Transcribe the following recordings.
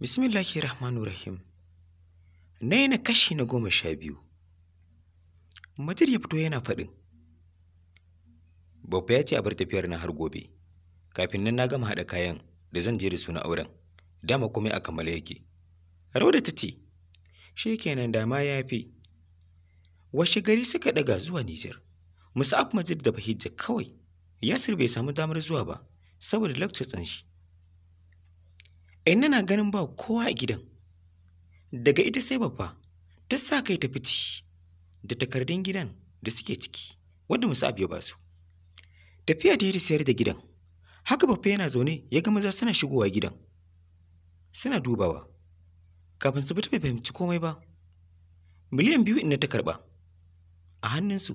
Bismillahi Rahmanu Rahim. Na yana kashi na goma sha biyu. Matir ya fito yana faɗin. Babba ya ce a bar tafiyar na har gobe. Kafin nan na gama haɗa kayan da zan je da su na auren. Dama komai a kammala yake. Rauda ta ce, shi kenan dama ya fi. Washe gari suka ɗaga zuwa Nijar. musa Majid da Bahijja kawai. Yasir bai samu damar zuwa ba saboda lakcin shi. Aina na ganin ba kowa a gidan. Daga ita sai babba, ta sa kai ta fici da takardun gidan da suke ciki, wanda abu ya su. Tafiya ta yi ta sayar da gidan. Haka babba yana zaune ya ga maza suna shigowa gidan. Suna dubawa. Kafin su fita bai fahimci komai ba. Miliyan biyu inda ta karɓa. A hannunsu,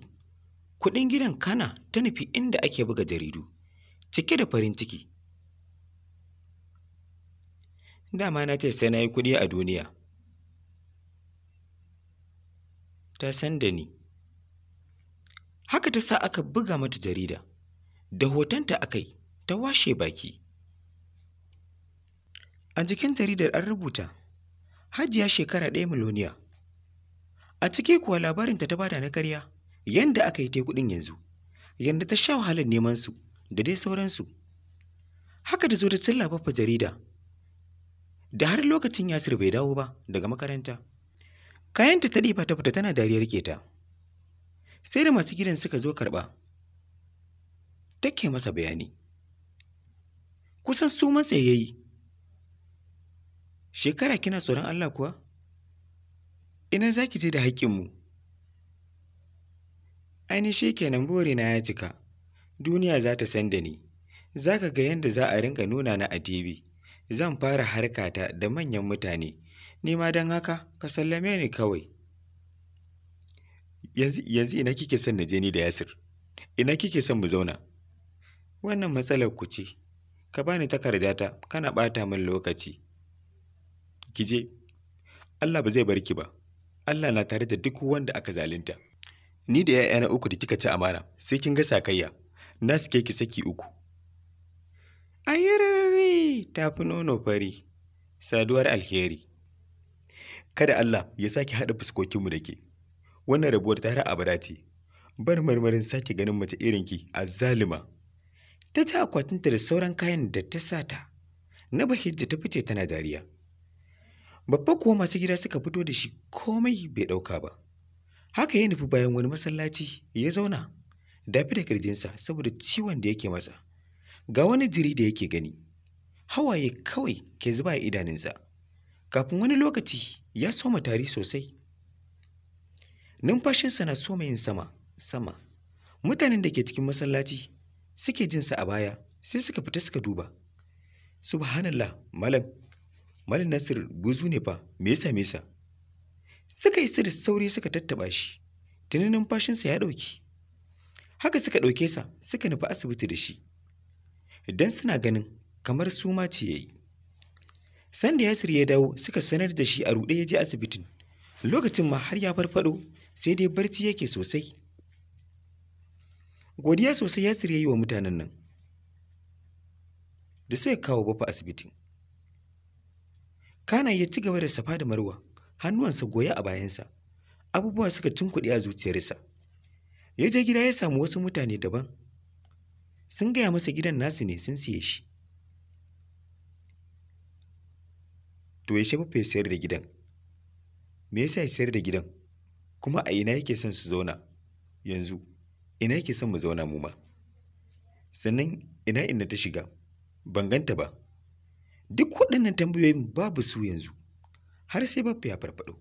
kuɗin gidan kana ta nufi inda ake buga jaridu, cike da farin ciki. dama na ce sai na yi kuɗi a duniya ta san da ni haka ta sa aka buga mata jarida da hotonta a kai ta washe baki a jikin jaridar an rubuta hajiya shekara ɗaya miloniya a ciki kuwa labarinta ta bada na karya yadda aka yi ta kuɗin yanzu yadda ta sha wahalar neman su da dai sauransu haka ta zo ta cilla bafa jarida da har lokacin Yasir bai dawo ba daga makaranta. Kayanta ta ɗifa ta fita tana dariyar keta. Sai da masu gidan suka zo karɓa. Take masa bayani. Kusan su masa ya yi. Shekara kina tsoron Allah kuwa? Ina za ki je da haƙƙinmu? Ainihi kenan borina ya cika, duniya za ta san da ni, za ka ga yadda za a rinka nuna na a TV. zan fara harkata da manyan mutane, ni ma don haka ka sallame ni kawai. Yanzu ina kike son na je ni da Yasir? Ina kike son mu zauna? Wannan matsalar ku ce, ka bani takardata kana ɓata min lokaci. Ki je, Allah ba zai bar ki ba, Allah na tare da duk wanda aka zalunta. Ni da ‘ya'yana uku da kika ci amana, sai kin ga sakayya, na suke ki saki uku. ayyararre ta fi nono fari saduwar alheri kada Allah ya sake haɗa fuskokinmu da ke wannan rabuwar ta har abada ce bar marmarin sake ganin mace irinki a zalima ta ta akwatinta da sauran kayan da ta sata na bahijja ta fice tana dariya babba kuwa masu gida suka fito da shi komai bai ɗauka ba haka ya nufi bayan wani masallaci ya zauna dafi da kirjinsa saboda ciwon da yake masa ga wani jiri da yake gani hawaye kawai ke zuba a idanunsa kafin wani lokaci ya soma tari sosai numfashinsa na soma yin sama sama mutanen da ke cikin masallaci suke jinsa a baya sai suka fita suka duba subhanallah malam malam nasir buzu ne fa mesa mesa suka yi da sauri suka tattaba shi tuni numfashinsa ya ɗauki haka suka ɗauke sa suka nufi asibiti da shi don suna ganin kamar su ma ce ya yi sanda yasir ya dawo suka sanar da shi a ruɗe ya je asibitin lokacin ma har ya farfado sai dai barci yake sosai godiya sosai yasir ya yi wa mutanen nan da suka kawo bafa asibitin kana ya ci gaba da safa da marwa hannuwansa goya a bayansa abubuwa suka tunkuɗe a zuciyarsa ya je gida ya samu wasu mutane daban sun gaya masa gidan nasu ne sun siye shi to ya shafa fai sayar da gidan me yasa ya sayar da gidan kuma a ina yake son su zauna yanzu ina yake son mu zauna mu ma sannan ina inda ta shiga ban ganta ba duk waɗannan tambayoyin babu su yanzu har sai baffa ya farfaɗo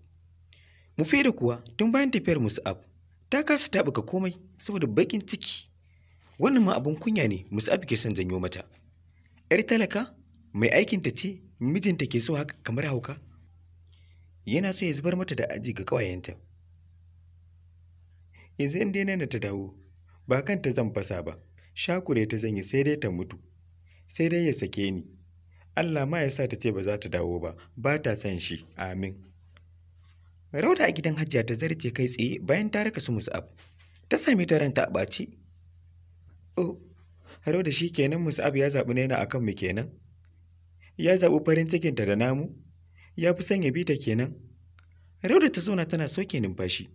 mu da kuwa tun bayan tafiyar ab ta kasa taɓuka komai saboda baƙin ciki wannan ma abin kunya ne musab ke son janyo mata yar talaka mai aikinta ce mijinta ke so haka kamar hauka yana so ya zubar mata da aji ga ƙawayenta yanzu in dai ta dawo ba ta zan fasa ba shakure ta zanyi sai dai ta mutu sai dai ya sake ni Allah ma ya sa ta ce ba za ta dawo ba ba ta son shi amin rauda a gidan hajiya ta zarce kai tsaye bayan ta raka su musab ta sami ta ranta a ɓace oh da shi kenan musabu ya zaɓi naina a kanmu kenan ya zaɓi farin cikinta da namu ya fi son ya bi ta kenan rauda ta zauna tana soke numfashi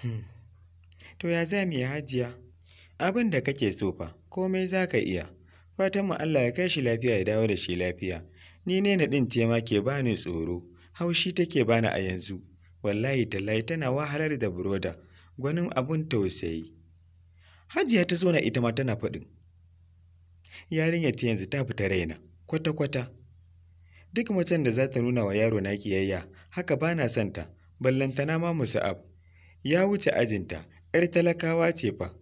hmm. to ya za mu yi hajiya abin da kake so fa komai za ka iya fatan mu allah ya kai shi lafiya ya dawo da shi lafiya ni ne na ɗin tema ke bani tsoro haushi take bani a yanzu wallahi tallahi tana wahalar da buroda gwanin abun tausayi Hajiya ta zauna ita ma tana faɗin. Yarinya ta yanzu ta fita raina, kwata-kwata. Duk macen da za ta nuna wa yaro na kiyayya, haka ba na son ta, ballantana ma ab. Ya wuce ajinta, ‘yar talakawa ce fa.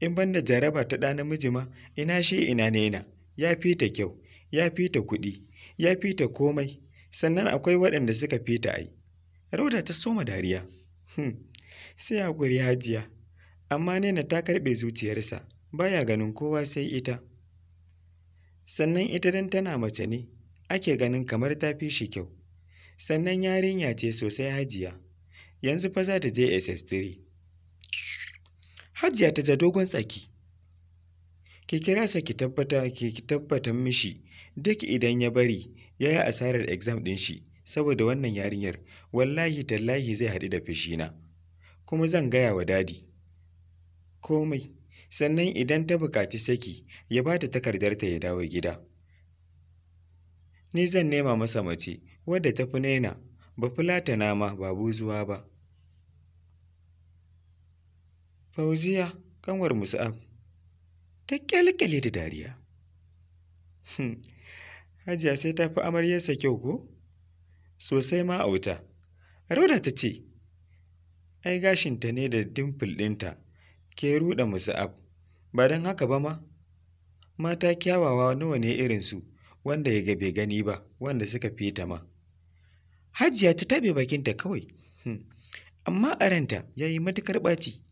In ban da jaraba ta ɗa namiji ma, ina shi ina nena, ya fi ta kyau, ya fi ta kuɗi, ya fi ta komai, sannan akwai waɗanda suka fi ta ai. Rauda ta soma dariya. Hmm. Sai hakuri hajiya. amma Nena ta karɓe zuciyarsa baya ganin kowa sai ita. Sannan ita dan tana mace ne ake ganin kamar ta fi shi kyau. Sannan yarinya ce sosai hajiya, yanzu fa za ta je SS3. Hajiya ta ja dogon tsaki. Ki kira sa ki tabbata ki tabbata mishi duk idan ya bari ya yi asarar exam ɗin shi saboda wannan yarinyar wallahi tallahi zai haɗu da fishina kuma zan gaya wa dadi. komai sannan idan ta buƙaci saki ya ba ta takardarta ya dawo gida ni zan nema masa mace wadda ta fi naina ba ta nama ba buzuwa ba fauziya kanwar musa'ab ta kyalkyale da dariya hmm, hajiya sai ta fi amaryarsa kyau ko sosai ma a wuta rauda ta ce ai gashinta ne da dimfil ɗinta Ke ruɗa ab, ba don haka ba ma? Mata kyawawa nawa ne irinsu, wanda ya bai gani ba, wanda suka fi ta ma. Hajiya ta taɓe bakinta kawai, hmm. amma a ranta ya yi matuƙar ɓaci,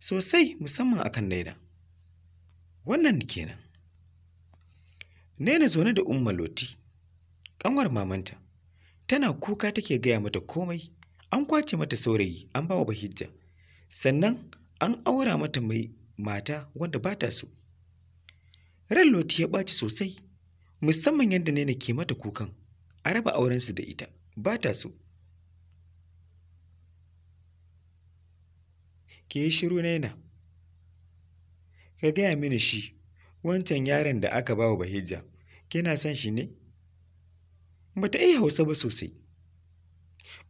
sosai musamman akan Naina. Wannan kenan. Naina zaune da Umma Loti, ƙanwar mamanta, tana kuka take gaya mata komai, an kwace mata saurayi, an ba wa Bahijja. Sannan an aura mata mai mata wanda ba ta so ran loti ya ɓaci sosai musamman yadda ne ke mata kukan a raba aurensu da ita ba ta so ke yi shiru naina ka gaya mini shi wancan yaron da aka ba wa bahija kina son shi ne ba ta iya hausa ba sosai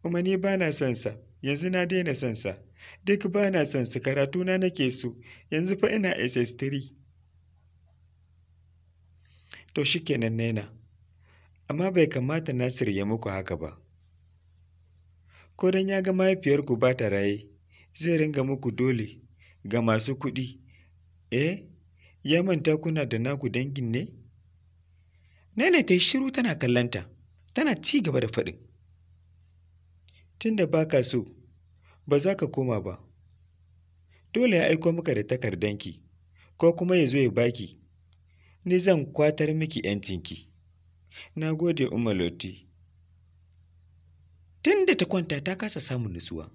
Umani ba na son yanzu na daina son sa duk ba na son su karatuna nake so yanzu fa ina ss3 to kenan nena amma bai kamata nasir ya muku haka ba ko dan ya ga mahaifiyarku ba ta raye zai ringa muku dole ga masu kuɗi eh ya manta kuna da naku dangin ne nene ta yi shiru tana kallanta tana ci gaba da faɗin tunda baka so ba za ka koma ba dole ya aiko maka da takardanki ko kuma ya zo ya baki ni zan kwatar miki ‘yancinki na gode umaloti tun da ta kwanta ta kasa samun nutsuwa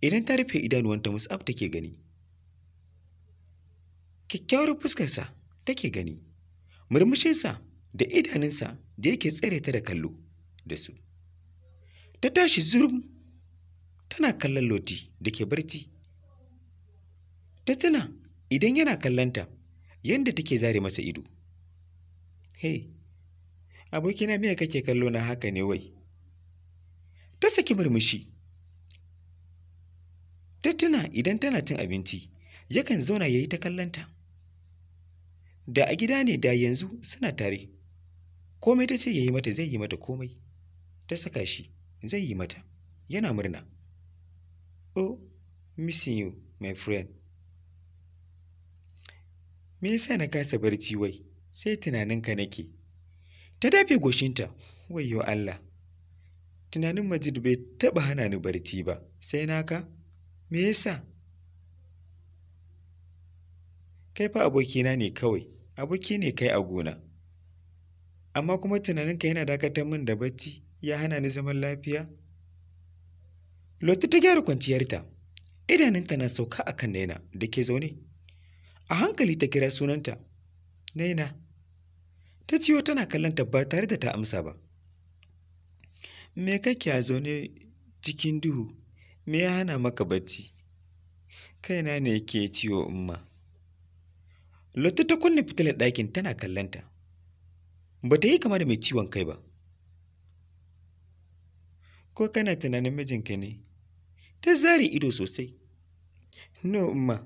idan ta rufe idanuwanta musab take gani kyakkyawar fuskarsa take gani murmushinsa da idanunsa da yake tsere ta da kallo da su ta tashi zurum tana kallon loti da ke barci ta tuna idan yana kallonta yadda take zare masa ido hey abokina miya kake kallo na haka ne wai ta saki murmushi ta tuna idan tana cin abinci yakan zauna ya yi ta kallonta da a gida ne da yanzu suna tare komai ta ce ya yi mata zai yi mata komai ta saka shi zai yi mata yana murna Oh, missing you, my friend. Me yasa na kasa barci wai, sai tunaninka nake. Ta dafe goshinta, wayyo Allah. Tunanin Majid bai taɓa hana ni barci ba, sai naka? Me yasa? Kai fa abokina ne kawai, aboki ne kai a gona. Amma kuma tunaninka yana dakatar min da bacci, ya hana ni zaman lafiya? Lotti ta gyara kwanciyarta, idanunta na sauka a kan Naina da ke zaune. A hankali ta kira sunanta, Naina. Ta ciwo tana kallonta ba tare da ta amsa ba. Me kake a zaune cikin duhu, me ya hana maka bacci? Kaina ne ke ciwo umma. Lotti ta kunna fitilar ɗakin tana kallonta. Ba ta yi kama da mai ciwon kai ba. Ko kana tunanin mijinka ne? ta zari ido sosai no ma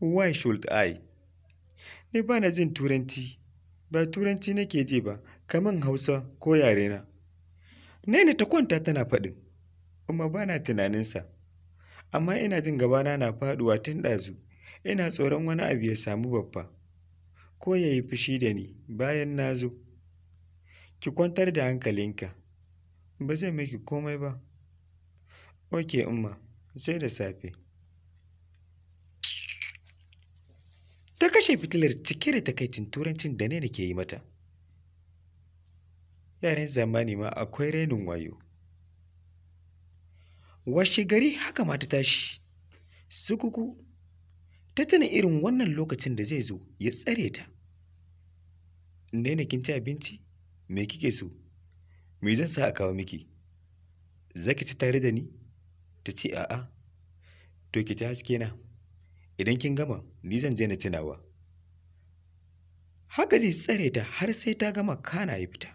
why should i ni ba na jin turanci ba turanci nake ji ba kaman hausa ko yare na. naina ta kwanta tana faɗin umma ba na tunaninsa amma ina jin gabana na faɗuwa tun ɗazu ina tsoron wani abu ya samu babba ko ya yi fushi da ni bayan na zo ki kwantar da hankalinka ba zai miki komai ba Ok Umma, sai da safe. Ta kashe fitilar cike da takaicin turancin da ne ke yi mata. Yaren zamani ma akwai renin wayo. Washe gari haka ma ta tashi, sukuku, ta tuna irin wannan lokacin da zai zo ya tsare ta. ne kin ci abinci? Me kike so? Me zan sa a kawo miki? zaki ci tare da ni? ta ce a'a to ki ta haske na idan kin gama ni zan je na tunawa haka zai tsare ta har sai ta gama kana ya fita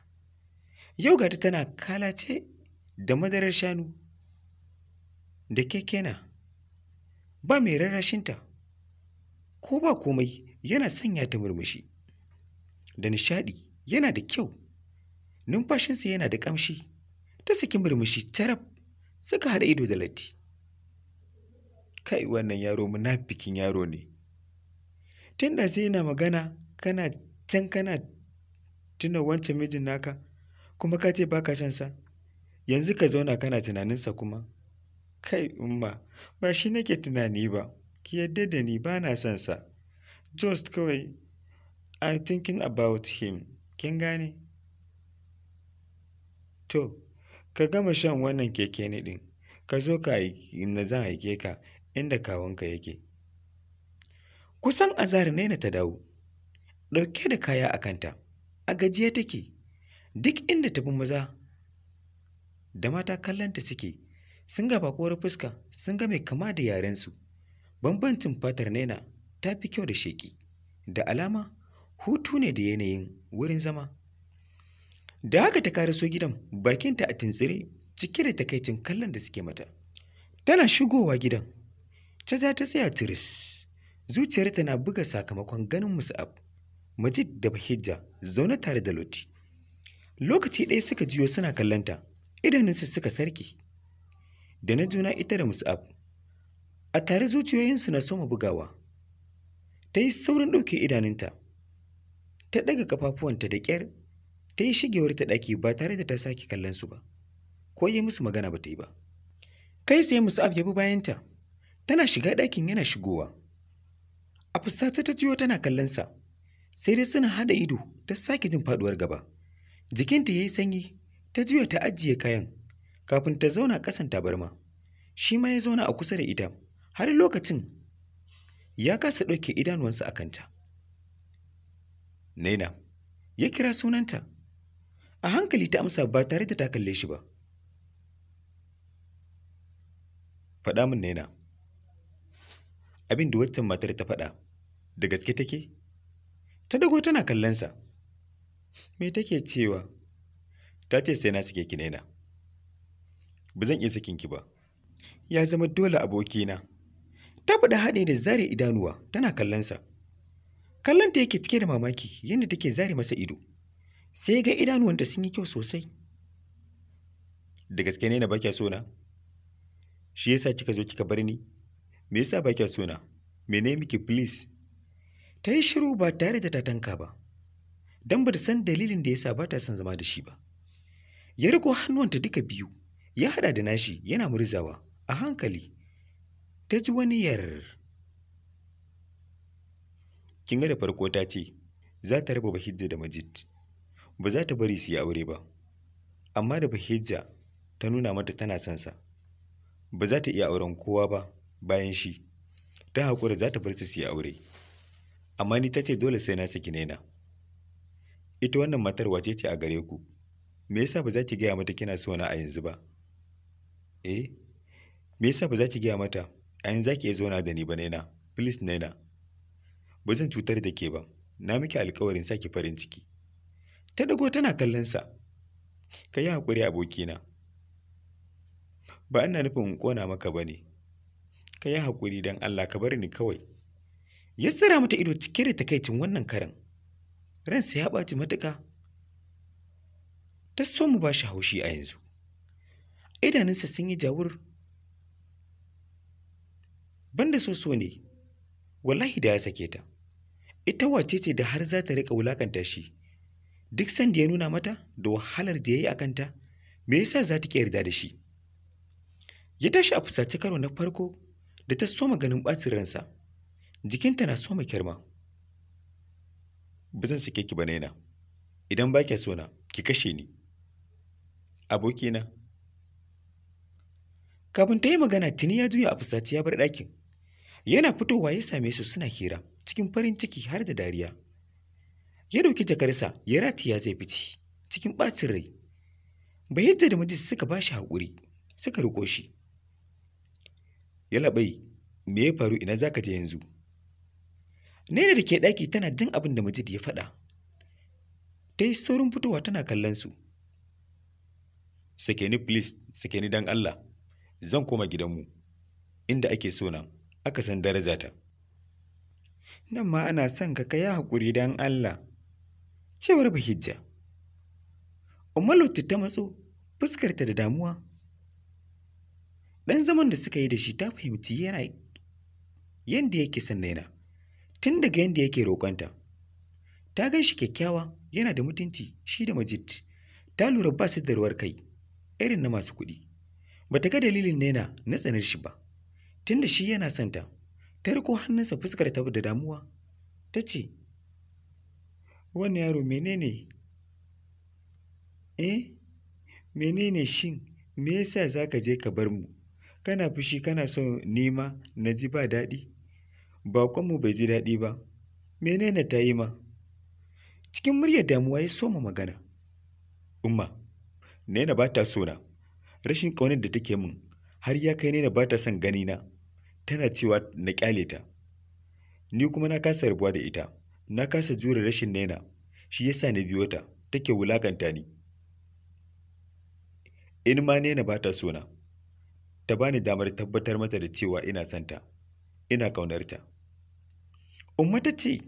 yau ga ta tana kalace da madarar shanu da kekena ba mai rarrashinta ko ba komai yana sanya ta murmushi da nishadi yana da kyau numfashinsa yana da ƙamshi ta saki murmushi taraf suka haɗa ido da latti kai wannan yaro munafikin yaro ne tun sai yana magana kana can kana tuna wancan mijin naka kuma ka ce ba ka son sa yanzu ka zauna kana tunaninsa kuma kai umma ba shi nake tunani ba ki yarda da ni ba na son sa just kawai i thinking about him kin gane to Ka gama shan wannan keke ɗin, ka zo ka na zan aike ka inda kawunka yake. Kusan ne Naina ta dawo, ɗauke da kaya a kanta, a gajiya take, duk inda ta bi maza da mata kallonta suke, sun ga bakuwar fuska, sun ga mai kama da yarensu. Bambancin fatar Naina ta fi kyau da sheƙi, da alama hutu ne da yanayin wurin zama. da haka ta karaso gidan bakinta a tintsire cike da takaicin kallon da suke mata tana shigowa gidan ta za ta tsaya tiris zuciyar tana buga sakamakon ganin musa'ab majid da bahijja zauna tare da loti lokaci ɗaya suka jiyo suna kallonta idanunsu suka sarki da na juna ita da musa'ab a tare zuciyoyinsu na soma bugawa ta yi saurin ɗauke idanunta ta ɗaga kafafuwanta da ƙyar ta yi shigewar ta ɗaki ba tare da ta sake kallon su ba ko yi musu magana ba ta yi ba kai sai musu ya bi bayanta tana shiga ɗakin yana shigowa a fusata ta jiyo tana kallon sa sai dai suna haɗa ido ta sake jin faɗuwar gaba jikinta ya yi sanyi ta juya ta ajiye kayan kafin ta zauna ƙasan tabarma shi ma ya zauna a kusa da ita har lokacin ya kasa ɗauke idanuwansa a kanta naina ya kira sunanta a hankali ta amsa ba tare da ta kalle shi ba faɗa min naina abin da waccan matar ta faɗa da gaske take ta dago tana kallonsa me take cewa ta ce sai na suke ki naina ba zan iya sakin ki ba ya zama dole abokina ta faɗa haɗe da zare idanuwa tana kallonsa kallonta yake cike da mamaki yadda take zare masa ido sai ga idanuwanta sun yi kyau sosai da gaske ne na ba kya sona shi yasa kika zo kika bar ni me yasa ba kya sona ne miki please ta yi shiru ba tare da tatanka ba don ba ta san dalilin da yasa ba ta son zama da shi ba ya riko hannuwanta duka biyu ya hada da nashi yana murzawa a hankali ta ji wani yar kin ga da farko ta ce za ta raba bahijja da majid ba za ta bari su yi aure ba amma da bahijja ta nuna mata tana son sa ba za ta iya auren kowa ba bayan shi ta haƙura za ta bar su su yi aure amma ni ta ce dole sai na saki naina ita wannan matar wace ce a gare ku me yasa ba za ki gaya mata kina so na a yanzu ba eh me yasa ba za ki gaya mata a yanzu za ki iya da ni ba naina please naina ba zan cutar da ke ba na miki alkawarin saki farin ciki ta dago tana kallon sa. ka yi haƙuri abokina ba ina nufin kona maka ba ne ka yi haƙuri don allah ka bar ni kawai ya tsira mata ido cike da takaicin wannan karan ransa ya ɓaci matuka. ta so mu ba shi haushi a yanzu idanunsa sun yi jawur banda so so ne wallahi da ya sake ta ita wace ce da har za ta riƙa wulakanta shi duk sanda ya nuna mata da wahalar da ya yi a kanta me yasa za ta yarda da shi ya tashi a fusace karo na farko da ta soma ganin ɓacin ransa jikinta na soma kyarma ba zan sake ki ba naina idan ba kya sona ki kashe ni abokina kafin ta yi magana tuni ya juya a fusace ya bar ɗakin yana fitowa ya same su suna hira cikin farin ciki har da dariya ya dauki takarsa ya ratiya zai fice cikin ɓacin rai bai yadda da majlis suka ba shi haƙuri suka riko shi ya labai me ya faru ina za ka je yanzu Naira da ke ɗaki tana jin abin da majid ya faɗa ta yi saurin fitowa tana kallon su sake ni please sake ni don allah zan koma gidanmu inda ake so nan, aka san darajata nan ma ana son ka kai haƙuri dan allah cewar bahijja umalutu ta matso fuskarta da damuwa ɗan zaman da suka yi da shi ta fahimci yana yadda yake son naina tun daga yadda yake roƙonta ta gan shi kyakkyawa yana da mutunci shi da majid ta lura ba su da ruwar kai irin na masu kuɗi ba ta ga dalilin naina na tsanar shi ba tun da shi yana santa ta riko hannunsa fuskar ta da damuwa ta ce Wannan yaro menene? Eh, menene shin? Me yasa za ka je ka bar mu? Kana fushi kana son nima na ji ba daɗi? kwanmu bai ji daɗi ba. Menene ta yi ma? Cikin muryar damuwa ya soma magana. Umma, Nena ba ta sona. Rashin ƙaunar da take min har ya kai Nena ba ta son ganina. Tana cewa na ƙyale ta. Ni kuma na kasa rubuwa da ita. Na kasa jure rashin Naina, shi ya sa na biyo ta, take wulakanta ni. In ma Naina ba ta sona, ta bani damar tabbatar mata da cewa ina santa, ina ƙaunarta. Umma ta ce,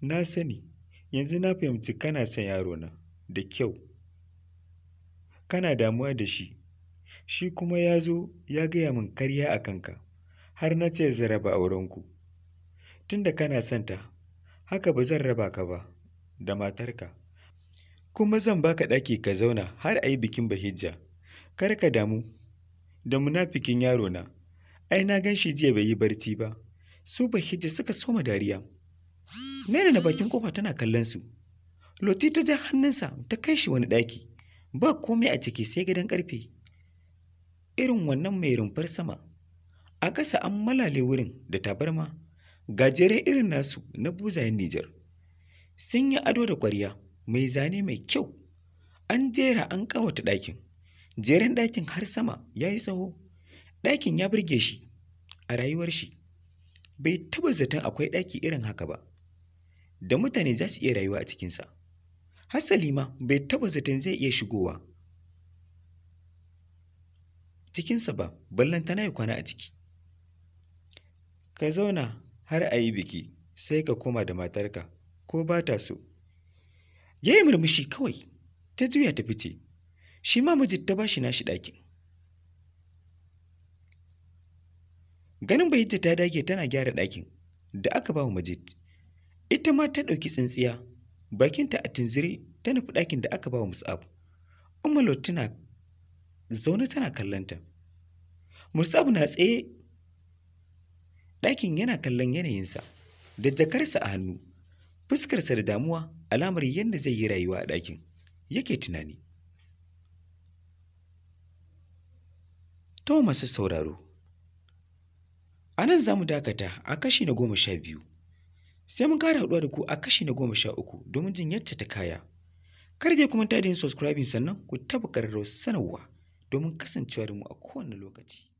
Na sani, yanzu na fahimci kana son na, da kyau. Kana damuwa da shi, shi kuma ya zo ya gaya min karya a kanka, har na ce zaraba aurenku. Tunda kana santa, haka ba zan raba ka ba da matarka kuma zan baka ɗaki ka zauna har a yi bikin bahijja kar ka damu da munafikin yaro na ai na gan shi jiya bai yi barci ba su bahijja suka soma dariya naira na bakin kofa tana kallon su loti ta ja hannunsa ta kai shi wani ɗaki ba komai a ciki sai gidan ƙarfe irin wannan mai rumfar sama a ƙasa an malale wurin da tabarma gajere irin nasu na buzayen Nijar. Sun yi ado da kwariya, mai zane mai kyau, an jera an ƙawata ɗakin, jeren ɗakin har sama ya yi tsawo, ɗakin ya burge shi a rayuwar shi. Bai taba zaton akwai ɗaki irin haka ba, da mutane za su iya rayuwa a cikinsa. Hassali ma bai taba zaton zai iya shigowa cikinsa ba, ballantana ya kwana a ciki. Ka zauna har a yi biki sai ka koma da matarka ko ba ta so ya yi murmushi kawai ta juya ta fice shi ma mijin ta bashi nashi ɗakin ganin bayyanta ta dage tana gyara ɗakin da aka ba wa majid ita ma ta ɗauki tsintsiya bakinta a tunzire ta nufi ɗakin da aka ba wa musab ummalot tana zaune tana kallonta musab na tsaye ɗakin yana kallon yanayinsa da jakarsa a hannu fuskarsa da damuwa alamar yadda zai yi rayuwa a ɗakin yake tunani to masu sauraro a nan za mu dakata a kashi na goma sha biyu sai mun kara haɗuwa da ku a kashi na goma sha uku domin jin yadda ta kaya kar zai kuma ta yin subscribing sannan ku tabbakar sanarwa domin kasancewa da mu a kowane lokaci